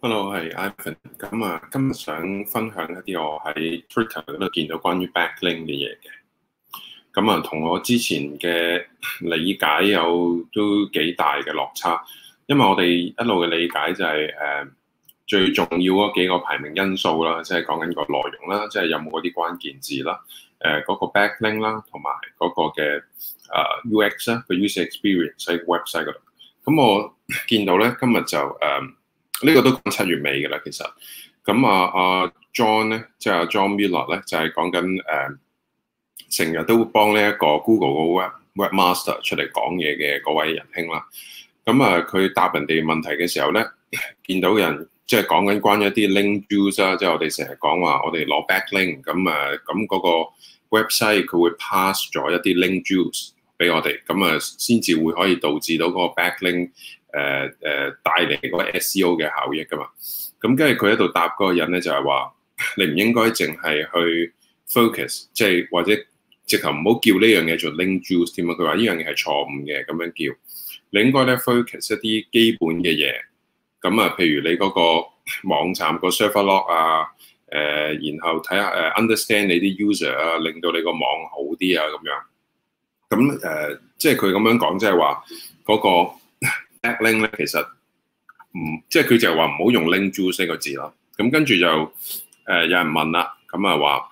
Hello，我係 Ivan。咁啊，今日想分享一啲我喺 Twitter 嗰度見到關於 backlink 嘅嘢嘅。咁啊，同我之前嘅理解有都幾大嘅落差，因為我哋一路嘅理解就係、是、誒、呃、最重要嗰幾個排名因素啦，即係講緊個內容啦，即、就、係、是、有冇嗰啲關鍵字啦，誒、呃、嗰、那個 backlink 啦，同埋嗰個嘅誒 UX 啦個 user experience 喺 website 嗰度。咁我見到咧今日就誒。呃呢個都講七月尾嘅啦，其實咁啊啊 John 咧，即係啊 John Miller 咧，就係、係、講緊誒，成、呃、日都幫呢一個 Google 嘅 Web Webmaster 出嚟講嘢嘅嗰位仁兄啦。咁啊，佢答人哋問題嘅時候咧，見到人即係講緊關於一啲 link juice 啊，即係我哋成日講話，我哋攞 back link 咁啊，咁嗰個 website 佢會 pass 咗一啲 link juice 俾我哋，咁啊，先至會可以導致到嗰個 back link。誒誒、uh, uh, 帶嚟嗰個 SEO 嘅效益噶嘛，咁跟住佢喺度答嗰個人咧就係話，你唔應該淨係去 focus，即係或者直頭唔好叫呢樣嘢做 link juice 添啊。佢話呢樣嘢係錯誤嘅，咁樣叫，你應該咧 focus 一啲基本嘅嘢，咁、嗯、啊譬如你嗰個網站個 server log 啊，誒、呃，然後睇下誒、uh, understand 你啲 user 啊，令到你個網好啲啊咁樣，咁、嗯、誒、呃、即係佢咁樣講即係話嗰個。backlink 咧其實唔即係佢就係話唔好用 link juice 呢個字咯。咁、嗯、跟住就誒、呃、有人問啦，咁啊話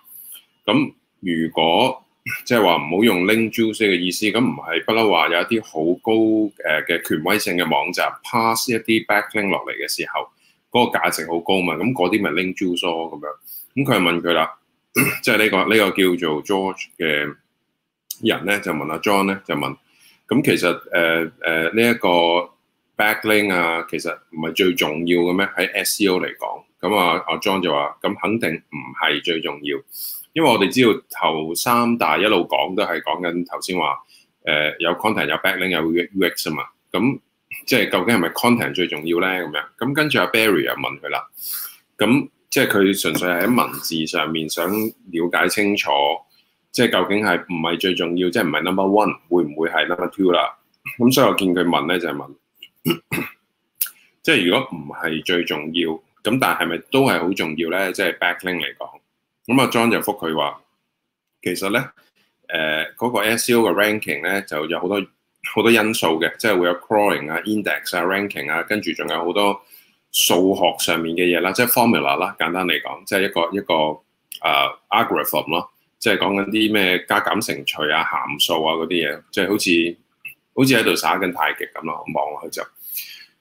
咁如果即係話唔好用 link juice 嘅意思，咁唔係不嬲話有一啲好高誒嘅權威性嘅網站 pass 一啲 backlink 落嚟嘅時候，嗰、嗰個價值好高嘛。咁嗰啲咪 link juice 咯、啊、咁樣。咁、嗯、佢問佢啦，即係呢個呢、呢個叫做 George 嘅人咧，就問阿、啊、John 咧，就問咁、嗯、其實誒誒呢一個。backlink 啊，其實唔係最重要嘅咩？喺 SEO 嚟講，咁啊阿 John 就話咁肯定唔係最重要，因為我哋知道頭三大一路講都係講緊頭先話誒有 content 有 backlink 有 UX 啊嘛。咁即係究竟係咪 content 最重要咧？咁樣，咁跟住阿 Barry 又問佢啦，咁即係佢純粹係喺文字上面想了解清楚，即係究竟係唔係最重要？即係唔係 number one 會唔會係 number two 啦？咁所以我見佢問咧就係、是、問。 即係如果唔係最重要咁，但係咪都係好重要咧？即係 backlink 嚟講，咁阿 John 就覆佢話：其實咧，誒、呃、嗰、那個 SEO 嘅 ranking 咧，就有好多好多因素嘅，即係會有 crawling 啊、index 啊、ranking 啊，跟住仲有好多數學上面嘅嘢啦，即係 formula 啦，簡單嚟講，即係一個一個誒、uh, algorithm 咯、啊啊，即係講緊啲咩加減乘除啊、函數啊嗰啲嘢，即係好似好似喺度耍緊太極咁咯，望落去就。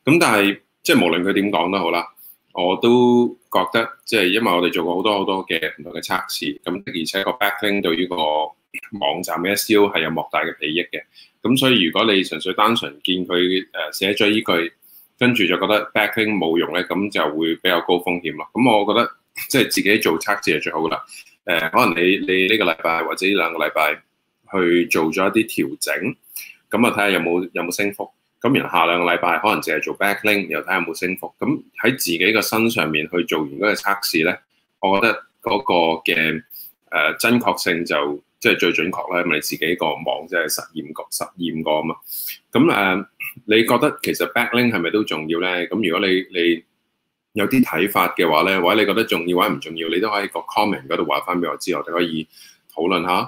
咁但係即係無論佢點講都好啦，我都覺得即係因為我哋做過好多好多嘅唔同嘅測試，咁而且個 backlink 對於個網站嘅 SEO 係有莫大嘅利益嘅。咁所以如果你純粹單純見佢誒寫咗依句，跟住就覺得 backlink 冇用咧，咁就會比較高風險咯。咁我覺得即係自己做測試係最好噶啦。誒、呃，可能你你呢個禮拜或者呢兩個禮拜去做咗一啲調整，咁啊睇下有冇有冇升幅。有咁然後下兩個禮拜可能淨係做 backlink，又睇下有冇升幅。咁喺自己個身上面去做完嗰個測試咧，我覺得嗰個嘅誒、呃、真確性就即係最準確啦，因為自己個網即係實驗過、實驗過啊嘛。咁誒、呃，你覺得其實 backlink 係咪都重要咧？咁如果你你有啲睇法嘅話咧，或者你覺得重要或者唔重要，你都可以個 comment 嗰度話翻俾我知，我哋可以討論下。